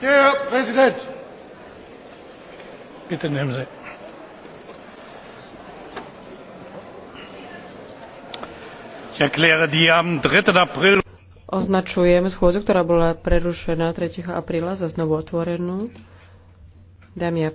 Herr Präsident! Bitte nehmen Sie. Ich erkläre die am 3. April. Označujem schôdzu, ktorá bola prerušená 3. apríla za znovu otvorenú. Dámy a